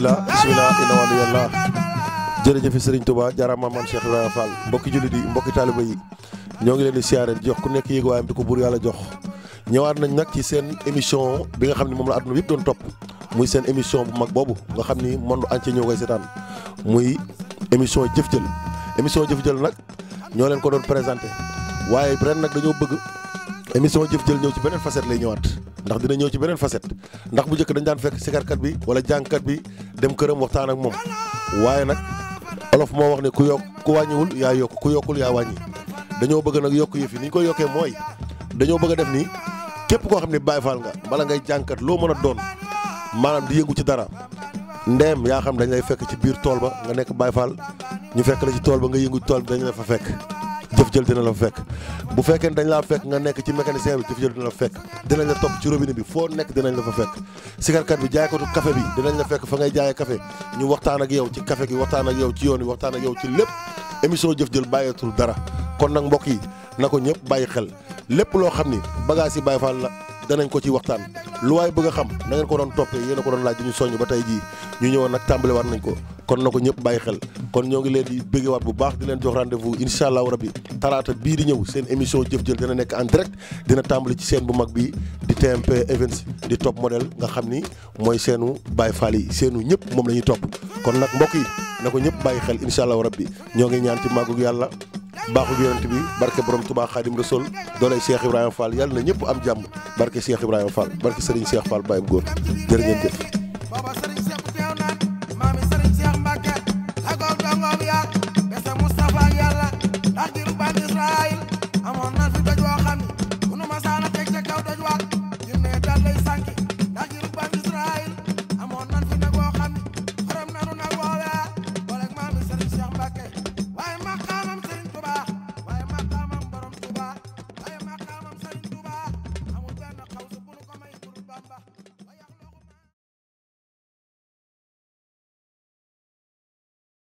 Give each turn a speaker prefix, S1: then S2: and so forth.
S1: bismillah bismillah inna waliyallah jërëjëf sëriñ Touba jaaraama maam Cheikh Ibrahima Fall mbokki jullit yi mbokki taaliba yi ñoo ngi leen di siyaare jox ku nekk yéeg waayam di ko buur yàlla jox ñëwaat nañ nag ci seen émission bi nga xam ne moom la àdduna bi yëpp doon topp muy seen émission bu mag boobu nga xam ni monde entier ñoo koy seetaan muy émission jëf jël émission jëf jël nag ñoo leen ko doon présenté waaye ren nag dañoo bëgg émission jëf jël ñëw ci beneen facette lay ñëwaat ndax dina ñëw ci benen facette ndax bu jëk dañ daan fekk bi wala jankat bi dem kërëm waxtaan ak mom waye nak olof mo wax ni ku yok ku wàññiwul ya yok ku yokul ya wañi dañoo bëgg nak yok yëf ni ko yoké moy dañoo bëgg def ni képp ko xamni bay bàyyi nga bala ngay jankat lo mëna doon manam di yëngu ci dara ndem ya xam dañ lay fekk ci biir tool ba nga nekk bay ñu fekk la ci tool ba nga yëngu tool dañ la fa fekk jëf jël dina la fekk bu fekkee dañ laa fekk nga nekk ci mécanicien bi jëf jël dina la fekk dinañ la topp ci robinet bi foo nekk dinañ la fa fekk sikarkat bi jaaykatu café bi dinañ la fekk fa ngay jaayee café ñu waxtaan ak yow ci café gi waxtaan ak yow ci yoon yi waxtaan ak yow ci lépp émission jëf jël bàyyeetul dara kon nag mbokk yi na ko ñëpp bàyyi xel lépp loo xam ni bagage yi Baye Fall la danañ ko ci waxtaan lu waay bëgg a xam na ngeen ko doon toppee yéen ko doon laaj ñu ba tey jii ñu ñëwoon nag tàmbale war nañ ko kon na ko ñëpp bàyyi xel kon ñoo ngi leen di waat bu baax di leen jox rendez-vous incha allahu rabi talaata bii di ñëw seen émission jëf-jël dina nekk en direct dina tàmbali ci seen bu mag bi di TMP Events di top modèle nga xam ni mooy seenu Baye Fall yi seenu ñëpp moom la ñuy topp kon nag mbokk yi na ko ñëpp bàyyi xel incha allahu bi ñoo ngi ñaan ci màggug yàlla baaxu yonent bi barke borom Touba Khadim Rasoul doolay Cheikh Ibrahima Fall yàlla na ñëpp am jàmm barke Cheikh Ibrahima Fall barke Serigne Cheikh Fall Baye Góor jërë ngeen jëf
S2: try